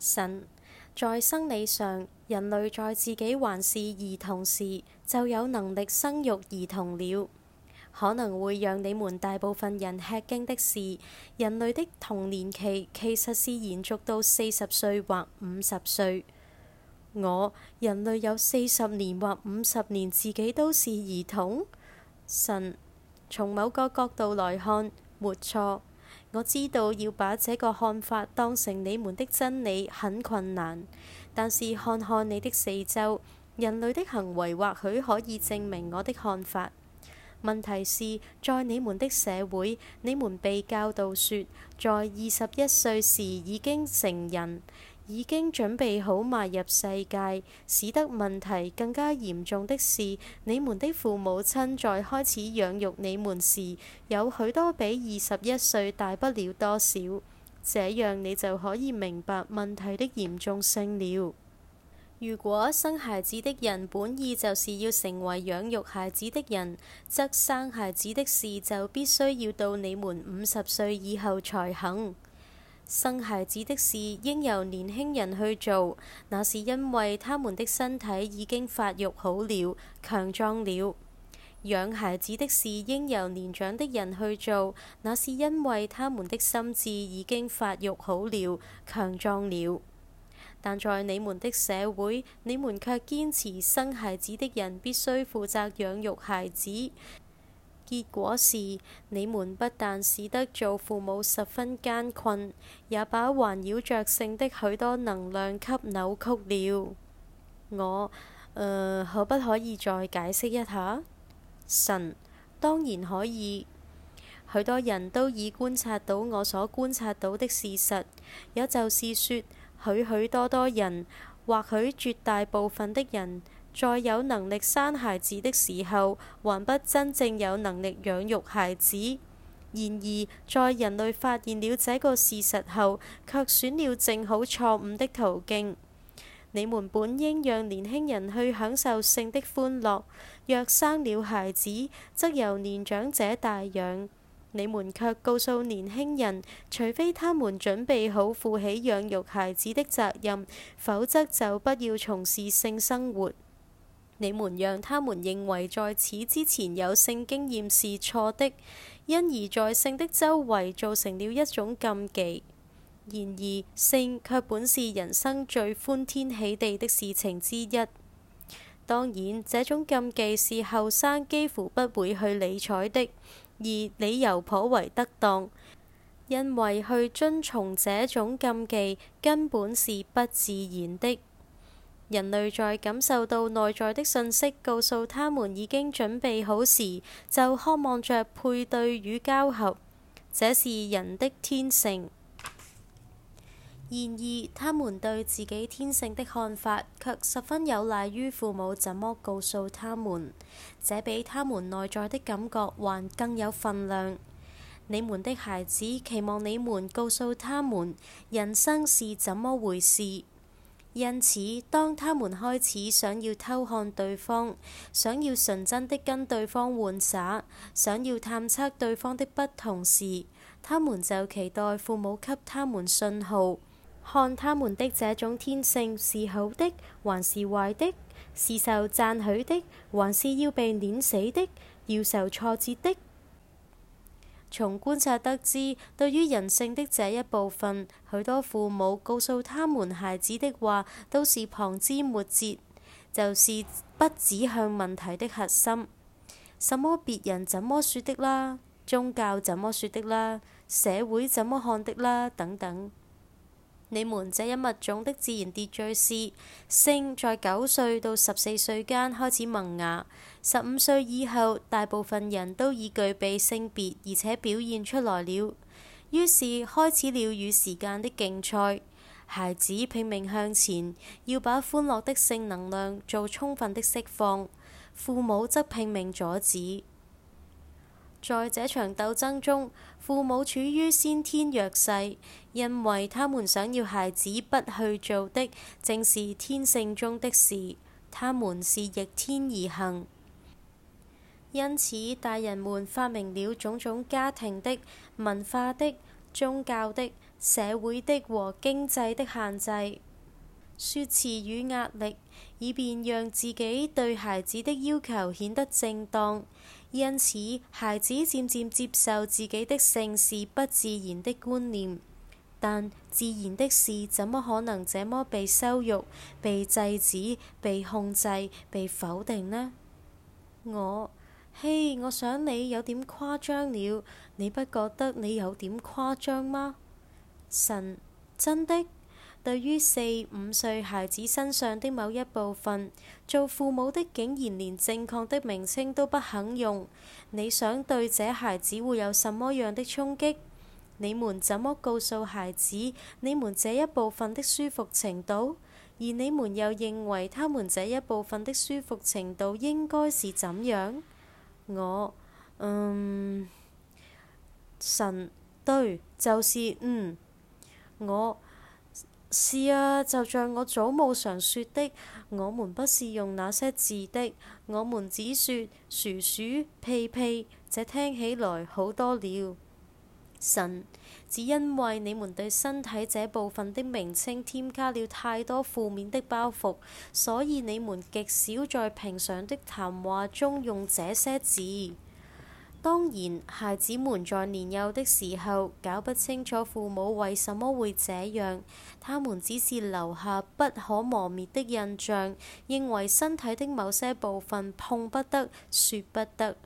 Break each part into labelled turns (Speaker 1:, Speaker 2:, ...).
Speaker 1: 神，在生理上，人類在自己還是兒童時就有能力生育兒童了。可能會讓你們大部分人吃驚的是，人類的童年期其實是延續到四十歲或五十歲。我，人類有四十年或五十年自己都是兒童。神，從某個角度來看，沒錯。我知道要把這個看法當成你們的真理很困難，但是看看你的四周，人類的行為或許可以證明我的看法。問題是，在你們的社會，你們被教導說，在二十一歲時已經成人。已經準備好邁入世界，使得問題更加嚴重的是，你們的父母親在開始養育你們時，有許多比二十一歲大不了多少。這樣你就可以明白問題的嚴重性了。如果生孩子的人本意就是要成為養育孩子的人，則生孩子的事就必須要到你們五十歲以後才行。生孩子的事應由年輕人去做，那是因為他們的身體已經發育好了、強壯了；養孩子的事應由年長的人去做，那是因為他們的心智已經發育好了、強壯了。但在你們的社會，你們卻堅持生孩子的人必須負責養育孩子。結果是，你們不但使得做父母十分艱困，也把環繞着性的許多能量給扭曲了。我，誒、呃，可不可以再解釋一下？神，當然可以。許多人都已觀察到我所觀察到的事實，也就是說，許許多多人，或許絕大部分的人。在有能力生孩子的時候，還不真正有能力養育孩子。然而，在人類發現了這個事實後，卻選了正好錯誤的途徑。你們本應讓年輕人去享受性的歡樂，若生了孩子，則由年長者帶養。你們卻告訴年輕人，除非他們準備好負起養育孩子的責任，否則就不要從事性生活。你們讓他們認為在此之前有性經驗是錯的，因而在性的周圍造成了一種禁忌。然而，性卻本是人生最歡天喜地的事情之一。當然，這種禁忌是後生幾乎不會去理睬的，而理由頗為得當，因為去遵從這種禁忌根本是不自然的。人類在感受到內在的信息，告訴他們已經準備好時，就渴望著配對與交合，這是人的天性。然而，他們對自己天性的看法，卻十分有賴於父母怎麼告訴他們。這比他們內在的感覺還更有分量。你們的孩子期望你們告訴他們人生是怎麼回事。因此，當他們開始想要偷看對方，想要純真的跟對方玩耍，想要探測對方的不同時，他們就期待父母給他們信號，看他們的這種天性是好的，還是壞的？是受贊許的，還是要被碾死的？要受挫折的？從觀察得知，對於人性的這一部分，許多父母告訴他們孩子的話都是旁枝末節，就是不指向問題的核心。什麼別人怎麼說的啦，宗教怎麼說的啦，社會怎麼看的啦，等等。你們這一物種的自然秩序是：性在九歲到十四歲間開始萌芽，十五歲以後大部分人都已具備性別，而且表現出來了。於是開始了與時間的競賽，孩子拼命向前，要把歡樂的性能量做充分的釋放，父母則拼命阻止。在這場鬥爭中，父母處於先天弱勢。因為他們想要孩子不去做的，正是天性中的事。他們是逆天而行，因此大人們發明了種種家庭的、文化的、宗教的、社會的和經濟的限制、說辭與壓力，以便讓自己對孩子的要求顯得正當。因此，孩子漸漸接受自己的性是不自然的觀念。但自然的事，怎麼可能這麼被羞辱、被制止、被控制、被否定呢？我，嘿，我想你有點誇張了。你不覺得你有點誇張嗎？神，真的，對於四五歲孩子身上的某一部分，做父母的竟然連正確的名稱都不肯用，你想對這孩子會有什麼樣的衝擊？你們怎麼告訴孩子你們這一部分的舒服程度？而你們又認為他們這一部分的舒服程度應該是怎樣？我，嗯，神，對，就是嗯。我是啊，就像我祖母常說的，我們不是用那些字的，我們只說鼠鼠屁屁，這聽起來好多了。神，只因為你們對身體這部分的名稱添加了太多負面的包袱，所以你們極少在平常的談話中用這些字。當然，孩子們在年幼的時候搞不清楚父母為什麼會這樣，他們只是留下不可磨滅的印象，認為身體的某些部分碰不得，說不得。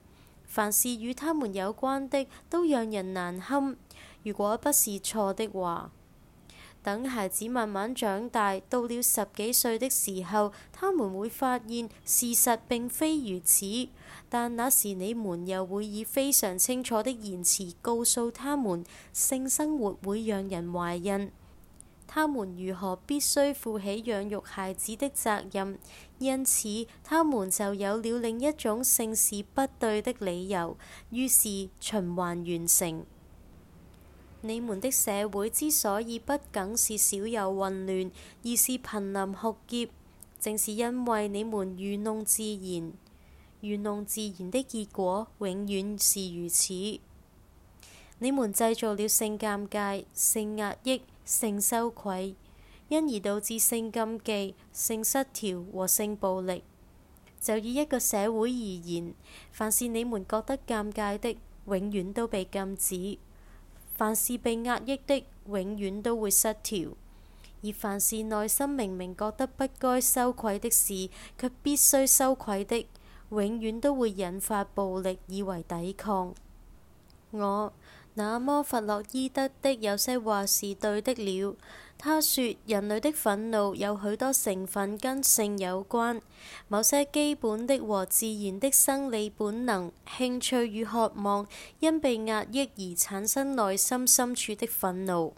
Speaker 1: 凡是與他們有關的，都讓人難堪。如果不是錯的話，等孩子慢慢長大，到了十幾歲的時候，他們會發現事實並非如此。但那時你們又會以非常清楚的言辭告訴他們，性生活會讓人懷孕。他們如何必須負起養育孩子的責任，因此他們就有了另一種性是不對的理由，於是循環完成。你們的社會之所以不僅是少有混亂，而是瀕臨浩劫，正是因為你們愚弄自然。愚弄自然的結果永遠是如此。你們製造了性尷尬、性壓抑。性羞愧，因而導致性禁忌、性失調和性暴力。就以一個社會而言，凡是你們覺得尷尬的，永遠都被禁止，凡是被壓抑的，永遠都會失調，而凡是內心明明覺得不該羞愧的事，卻必須羞愧的，永遠都會引發暴力，以為抵抗。我那麼弗洛伊德的有些話是對的了。他說，人類的憤怒有許多成分跟性有關，某些基本的和自然的生理本能、興趣與渴望，因被壓抑而產生內心深處的憤怒。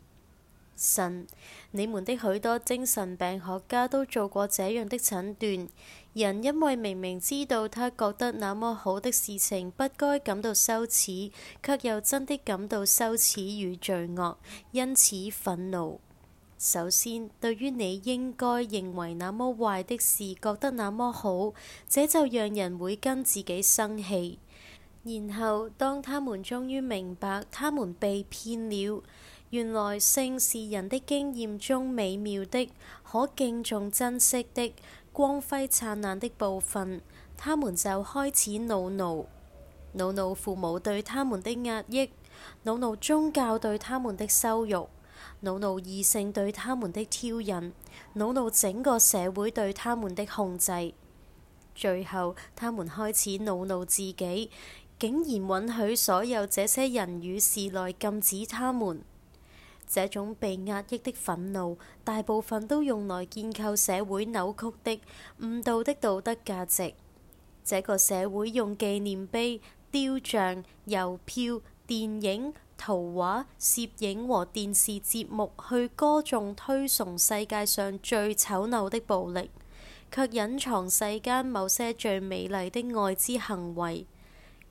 Speaker 1: 神，你們的許多精神病學家都做過這樣的診斷。人因為明明知道他覺得那麼好的事情，不該感到羞恥，卻又真的感到羞恥與罪惡，因此憤怒。首先，對於你應該認為那麼壞的事覺得那麼好，這就讓人會跟自己生氣。然後，當他們終於明白他們被騙了。原來性是人的經驗中美妙的、可敬重、珍惜的、光輝燦爛的部分。他們就開始惱怒，惱怒父母對他們的壓抑，惱怒宗教對他們的羞辱，惱怒異性對他們的挑釁，惱怒整個社會對他們的控制。最後，他們開始惱怒自己，竟然允許所有這些人與事來禁止他們。這種被壓抑的憤怒，大部分都用來建構社會扭曲的、誤導的道德價值。這個社會用紀念碑、雕像、郵票、電影、圖畫、攝影和電視節目去歌頌、推崇世界上最醜陋的暴力，卻隱藏世間某些最美麗的愛之行為。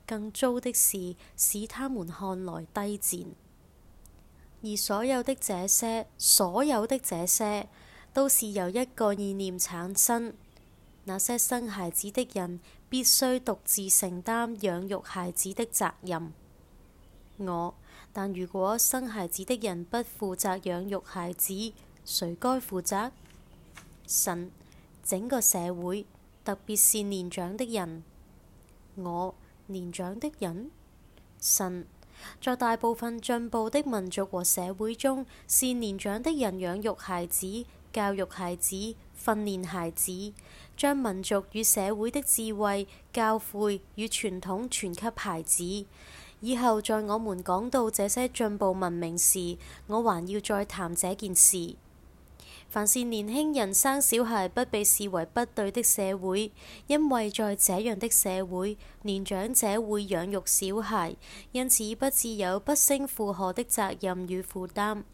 Speaker 1: 更糟的是，使他們看來低賤。而所有的這些，所有的這些，都是由一個意念產生。那些生孩子的人必須獨自承擔養育孩子的責任。我，但如果生孩子的人不負責養育孩子，誰該負責？神，整個社會，特別是年長的人。我，年長的人。神。在大部分進步的民族和社會中，是年長的人養育孩子、教育孩子、訓練孩子，將民族與社會的智慧、教誨與傳統傳給孩子。以後在我們講到這些進步文明時，我還要再談這件事。凡是年輕人生小孩不被視為不對的社會，因為在這樣的社會，年長者會養育小孩，因此不致有不勝負荷的責任與負擔。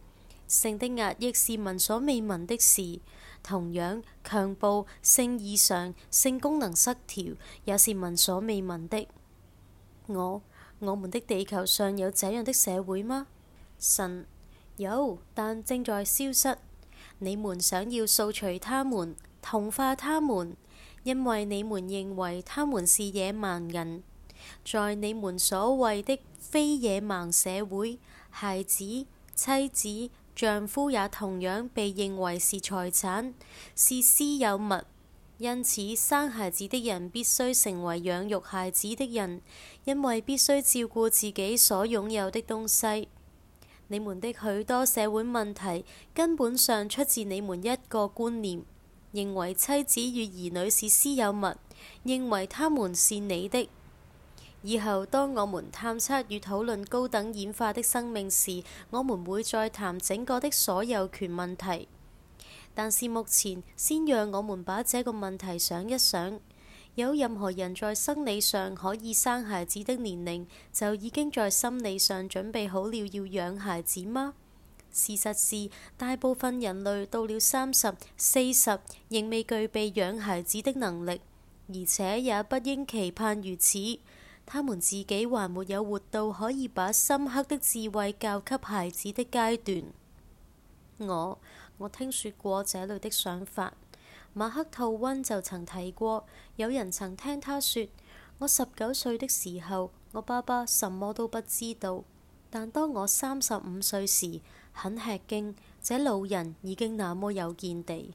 Speaker 1: 性的壓抑是聞所未聞的事，同樣強暴、性異常、性功能失調也是聞所未聞的。我，我們的地球上有這樣的社會嗎？神，有，但正在消失。你們想要掃除他們，同化他們，因為你們認為他們是野蠻人。在你們所謂的非野蠻社會，孩子、妻子、丈夫也同樣被認為是財產，是私有物。因此，生孩子的人必須成為養育孩子的人，因為必須照顧自己所擁有的東西。你們的許多社會問題，根本上出自你們一個觀念，認為妻子與兒女是私有物，認為他們是你的。以後當我們探測與討論高等演化的生命時，我們會再談整個的所有權問題。但是目前，先讓我們把這個問題想一想。有任何人在生理上可以生孩子的年齡，就已經在心理上準備好了要養孩子嗎？事實是，大部分人類到了三十四十仍未具備養孩子的能力，而且也不應期盼如此。他們自己還沒有活到可以把深刻的智慧教給孩子的階段。我我聽說過這類的想法。馬克吐溫就曾提過，有人曾聽他說：我十九歲的時候，我爸爸什麼都不知道；但當我三十五歲時，很吃驚，這老人已經那麼有見地。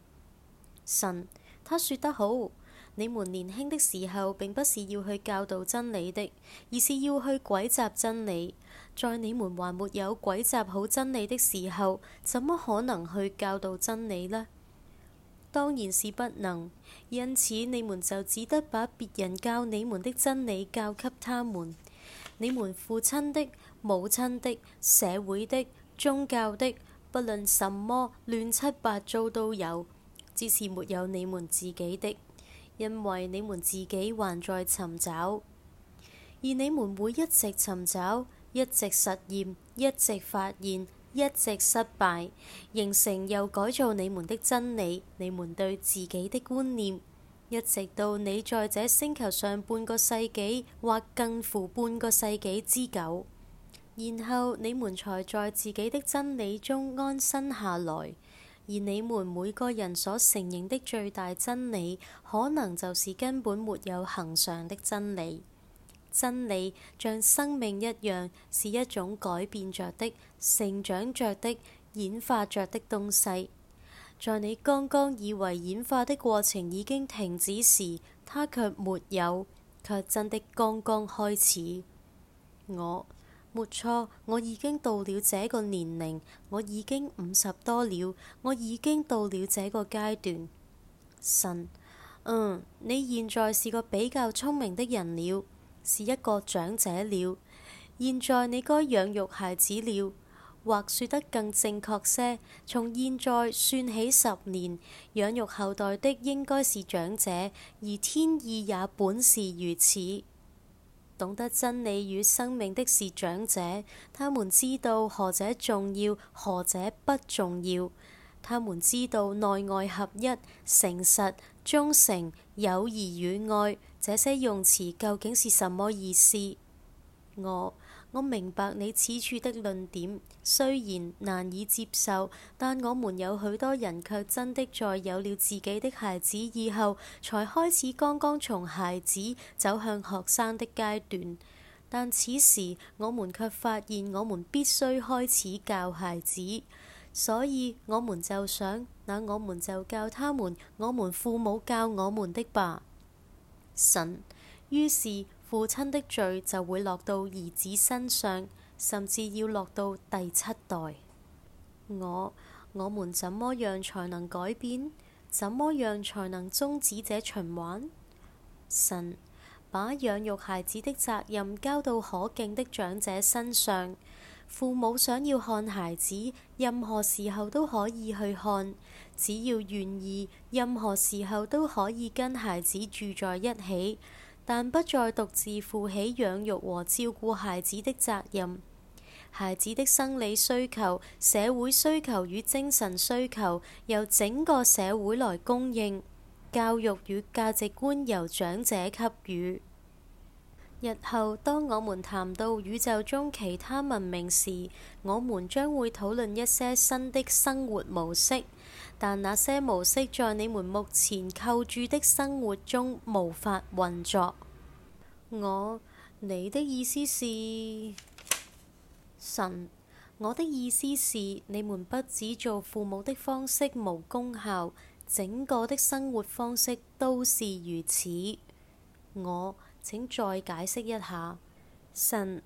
Speaker 1: 神，他說得好：你們年輕的時候，並不是要去教導真理的，而是要去鬼雜真理。在你們還沒有鬼雜好真理的時候，怎麼可能去教導真理呢？當然是不能，因此你們就只得把別人教你們的真理教給他們。你們父親的、母親的、社會的、宗教的，不論什麼亂七八糟都有，只是沒有你們自己的，因為你們自己還在尋找，而你們會一直尋找，一直實驗，一直發現。一直失敗，形成又改造你們的真理，你們對自己的觀念，一直到你在這星球上半個世紀或更乎半個世紀之久，然後你們才在自己的真理中安身下來，而你們每個人所承認的最大真理，可能就是根本沒有恆常的真理。真理像生命一樣，是一種改變着的、成長着的、演化着的東西。在你剛剛以為演化的過程已經停止時，它卻沒有，卻真的剛剛開始。我，沒錯，我已經到了這個年齡，我已經五十多了，我已經到了這個階段。神，嗯，你現在是個比較聰明的人了。是一個長者了。現在你該養育孩子了，或說得更正確些，從現在算起十年，養育後代的應該是長者，而天意也本是如此。懂得真理與生命的是長者，他們知道何者重要，何者不重要。他們知道內外合一、誠實、忠誠、友誼與愛。這些用詞究竟是什麼意思？我，我明白你此處的論點，雖然難以接受，但我們有許多人卻真的在有了自己的孩子以後，才開始剛剛從孩子走向學生的階段。但此時我們卻發現我們必須開始教孩子，所以我們就想，那我們就教他們，我們父母教我們的吧。神，於是父親的罪就會落到兒子身上，甚至要落到第七代。我，我們怎麼樣才能改變？怎麼樣才能終止這循環？神，把養育孩子的責任交到可敬的長者身上。父母想要看孩子，任何時候都可以去看，只要願意，任何時候都可以跟孩子住在一起，但不再獨自負起養育和照顧孩子的責任。孩子的生理需求、社會需求與精神需求由整個社會來供應，教育與價值觀由長者給予。日後當我們談到宇宙中其他文明時，我們將會討論一些新的生活模式，但那些模式在你們目前構築的生活中無法運作。我，你的意思是？神，我的意思是，你們不只做父母的方式無功效，整個的生活方式都是如此。我。請再解釋一下，神，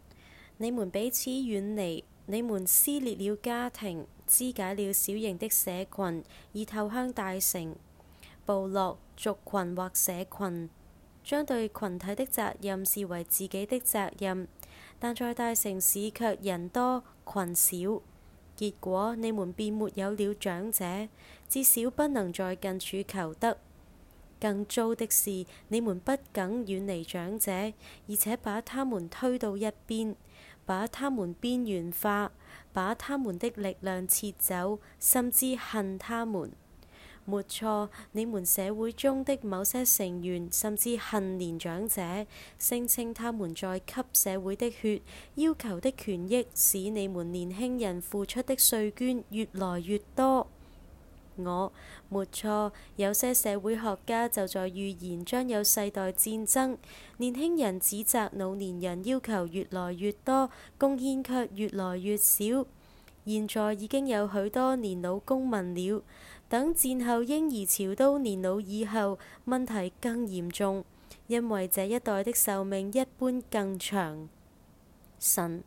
Speaker 1: 你們彼此遠離，你們撕裂了家庭，肢解了小型的社群，以投向大城部落、族群或社群，將對群體的責任視為自己的責任。但在大城市卻人多群少，結果你們便沒有了長者，至少不能在近處求得。更糟的是，你們不僅遠離長者，而且把他們推到一邊，把他們邊緣化，把他們的力量撤走，甚至恨他們。沒錯，你們社會中的某些成員甚至恨年長者，聲稱他們在吸社會的血，要求的權益使你們年輕人付出的稅捐越來越多。我，沒錯。有些社會學家就在預言將有世代戰爭，年輕人指責老年人要求越來越多，貢獻卻越來越少。現在已經有許多年老公民了，等戰後嬰兒潮都年老以後，問題更嚴重，因為這一代的壽命一般更長。神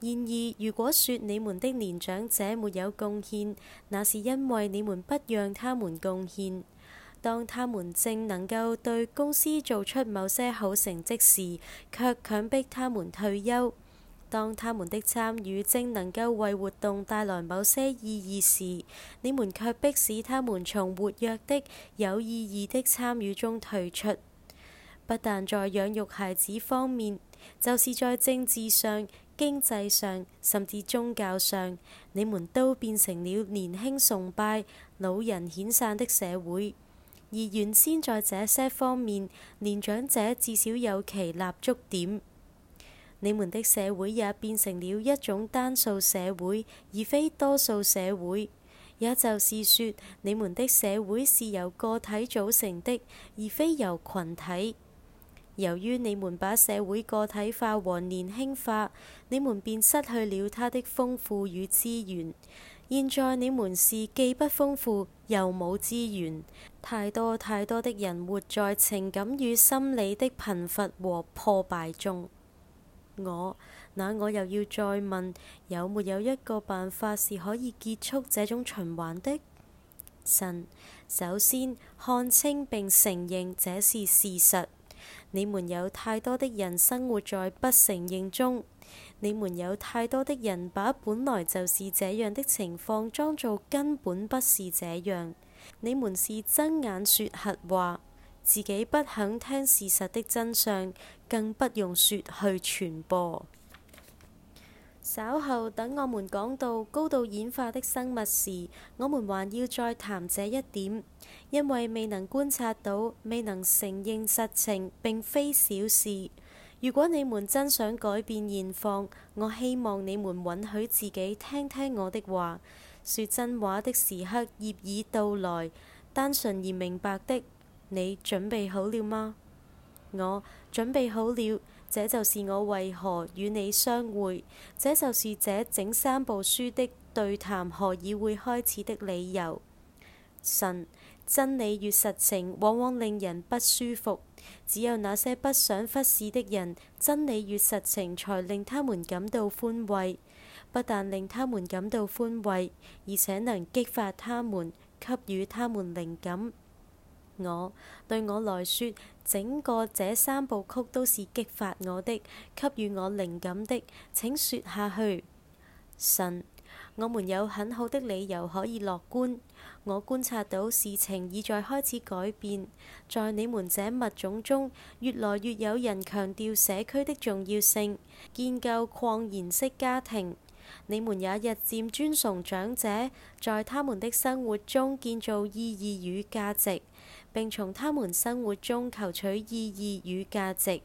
Speaker 1: 然而，如果說你們的年長者沒有貢獻，那是因為你們不讓他們貢獻。當他們正能夠對公司做出某些好成績時，卻強迫他們退休；當他們的參與正能夠為活動帶來某些意義時，你們卻迫使他們從活躍的、有意義的參與中退出。不但在養育孩子方面，就是在政治上。經濟上甚至宗教上，你們都變成了年輕崇拜、老人顯散的社會，而原先在這些方面，年長者至少有其立足點。你們的社會也變成了一種單數社會，而非多數社會，也就是說，你們的社會是由個體組成的，而非由群體。由於你們把社會個體化和年輕化，你們便失去了它的豐富與資源。現在你們是既不豐富又冇資源，太多太多的人活在情感與心理的貧乏和破敗中。我，那我又要再問，有沒有一個辦法是可以結束這種循環的？神，首先看清並承認這是事實。你們有太多的人生活在不承認中，你們有太多的人把本來就是這樣的情況裝做根本不是這樣。你們是睜眼說瞎話，自己不肯聽事實的真相，更不用說去傳播。稍後等我們講到高度演化的生物時，我們還要再談這一點，因為未能觀察到、未能承認實情並非小事。如果你們真想改變現況，我希望你們允許自己聽聽我的話。說真話的時刻業已到來，單純而明白的，你準備好了嗎？我準備好了。這就是我為何與你相會，這就是這整三部書的對談何以會開始的理由。神，真理與實情往往令人不舒服，只有那些不想忽視的人，真理與實情才令他們感到寬慰，不但令他們感到寬慰，而且能激發他們，給予他們靈感。我對我來說。整個這三部曲都是激發我的，給予我靈感的。請說下去，神，我們有很好的理由可以樂觀。我觀察到事情已在開始改變，在你們這物種中，越來越有人強調社區的重要性，建構擴延式家庭。你們也日漸尊崇長者，在他們的生活中建造意義與價值。並從他們生活中求取意義與價值，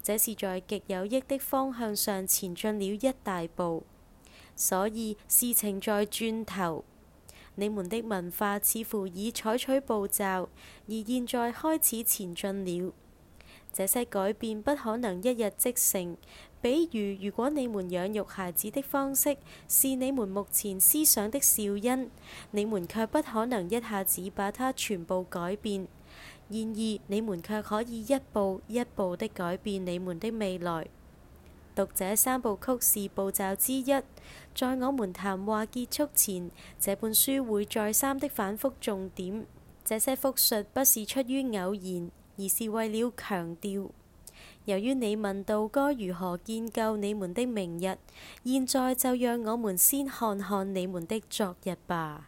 Speaker 1: 這是在極有益的方向上前進了一大步。所以事情在轉頭，你們的文化似乎已採取步驟，而現在開始前進了。這些改變不可能一日即成。比如，如果你們養育孩子的方式是你們目前思想的肇因，你們卻不可能一下子把它全部改變。然而，你們卻可以一步一步的改變你們的未來。讀這三部曲是步驟之一，在我們談話結束前，這本書會再三的反覆重點。這些複述不是出於偶然，而是為了強調。由於你問道該如何建構你們的明日，現在就讓我們先看看你們的昨日吧。